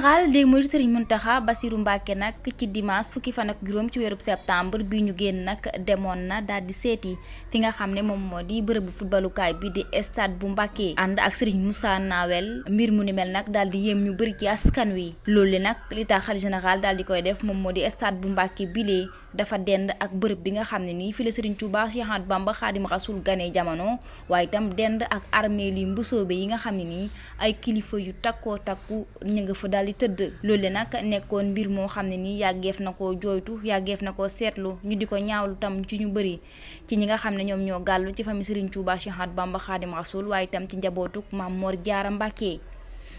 général des mourides Serigne Mountakha Bassirou Mbacké nag ci dimanche fukki fan ak juróom ci weeru septembre bi ñu génn nag demoon na daal di seeti fi nga xam ne moom moo di bërëbu footballukaay bi di stade bu Mbacké ànd ak Serigne Moussa Nawel mbir mu ni mel nag daal di yéem ñu bëri ci askan wi loolu nag li tax xalifa général daal di koy def moom moo di stade bu Mbacké bilee dafa dend ak bërëb bi nga xam ne nii fi la Serigne Touba Cheikh Ahmadou Bamba Khadim gane jamono waaye itam dend ak armée li mbusoobe yi nga xam ne nii ay kilifa yu takkoo takku ñu nga fa daal di tëdd loolu nag nekkoon mbir moo xam ne nii yàggeef na ko jooytu yàggeef na ko seetlu ñu di ko ñaawlu tam ci ñu bëri ci ñi nga xam ne ñoom ñoo gàllu ci famille Serigne Touba Cheikh Ahmadou Bamba Khadim Rasoul waaye itam ci njabootuk Maam Mor Jaara Mbàkke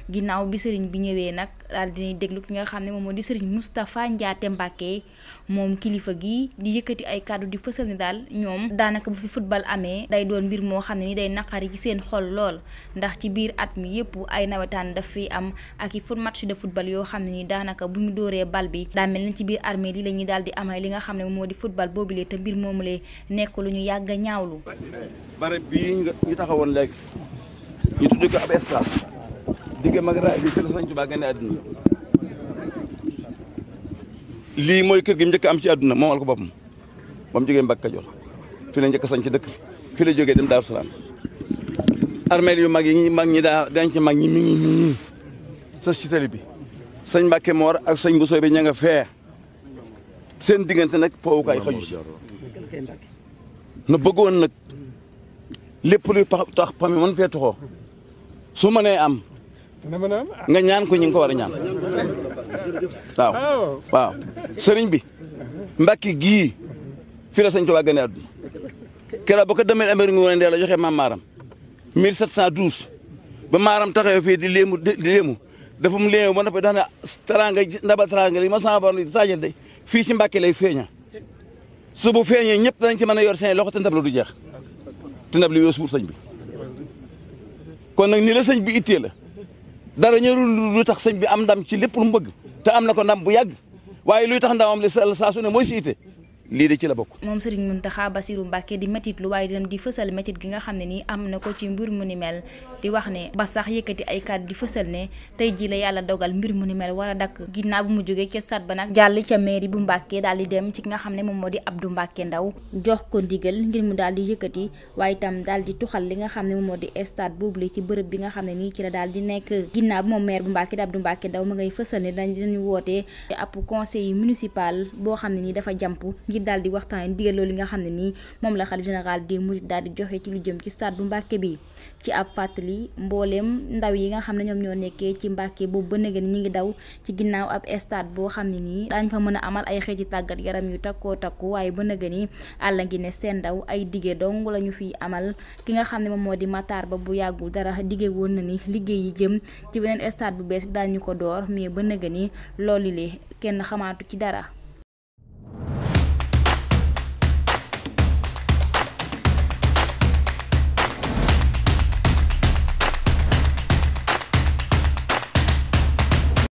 ginnaaw bi sëriñ bi ñëwee nag daal dinañ déglu ki nga xam ne moom moo di sëriñ Moustapha Ndiaté Mbacké moom kilifa gi di yëkkati ay kàddu di fësal ni daal ñoom daanaka bu fi futbal amee day doon mbir moo xam ne ni day naqari ci seen xol lool ndax ci biir at mi yëpp ay nawetaan daf fi am ak i foot match de football yoo xam ne ni daanaka bu ñu dóoree bal bi daa mel ni ci biir armée li la ñuy daal di amee li nga xam ne moo di football boobule te mbir moomu lee nekk lu ñu yàgg ñaawlu. barab digga mag raay bi ci la Sëriñ Tuubaa gane àdduna lii mooy kër gi mu njëkk am ci àdduna moomal ko boppam ba mu jógee Kajoor fi la njëkk sañ ci dëkk fi fi la jógee dem Daaru armeel yu mag yi mag ñi daa denc mag ñi mi ngi nii bi sëñ Mbàkke Moor ak sëñ bu sooy bi ña nga fee seen diggante nag powukaay xaju si na bëggoon nag lépp luy tax pami mën fee toxoo su mënee am nga ñaan ko ñu ngi ko war a ñaan waaw waaw sëriñ bi mbàkki gii fi la sëñ a gane àdduna keroog ba ko demee améri ngi a dee la joxe maam maaram 1712 ba maaram taxawee fii di léemu di léemu dafa mu léemu ba noppi daana taranga ndaba taranga li ma sama borom di taajal day fii ci mbakki lay feeña su bu feeñee ñëpp danañ ci mën a yor seen loxo te ndab la du jeex te ndab li yoo suur bi kon nag ni la sëñ bi ittee la dara ñërul lu tax sëñ bi am ndam ci lépp lu te am na ko ndam bu yàgg waaye luy tax ndamam li saa su ne mooy siite lii de ci la bokk. moom Serigne Mountakha Bassirou Mbacké di métit waaye itam di fësal métit gi nga xam ne nii am na ko ci mbir mu ni mel di wax ne ba sax yëkkati ay kàddu di fësal ne tey jii la yàlla dogal mbir mu ni mel war a dakk ginnaaw bu mu jógee ca sat ba nag jàll ca mairie bu Mbacké daal di dem ci ki nga xam ne moom moo di Abdou Mbacké Ndaw jox ko ndigal ngir mu daal di yëkkati waaye itam daal di tuxal li nga xam ne moom moo di stade boobu ci bërëb bi nga xam ne nii ci la di nekk ginnaaw bu moom maire bu Mbacké di Abdou Mbacké Ndaw ma ngay fësal ne dañ dañu wootee ngir daal di waxtaan digal loolu nga xam ne nii moom la xalif général des mourides daal di joxe ci lu jëm ci stade bu Mbàkke bi ci ab fàttali mbooleem ndaw yi nga xam ne ñoom ñoo nekkee ci Mbàkke boobu ba nëgën ñi ngi daw ci ginnaaw ab stade boo xam ne nii daañ fa mën a amal ay xeeti tàggat yaram yu takkoo takku waaye ba nëgën yi àll ngi ne seen ndaw ay dige dong la ñu fiy amal ki nga xam ne moom moo di mataar Ba bu yàggul dara dige woon na ni liggéey yi jëm ci beneen stade bu bees bi daañu ko door mais ba nëgën yi loolu le kenn xamaatu ci dara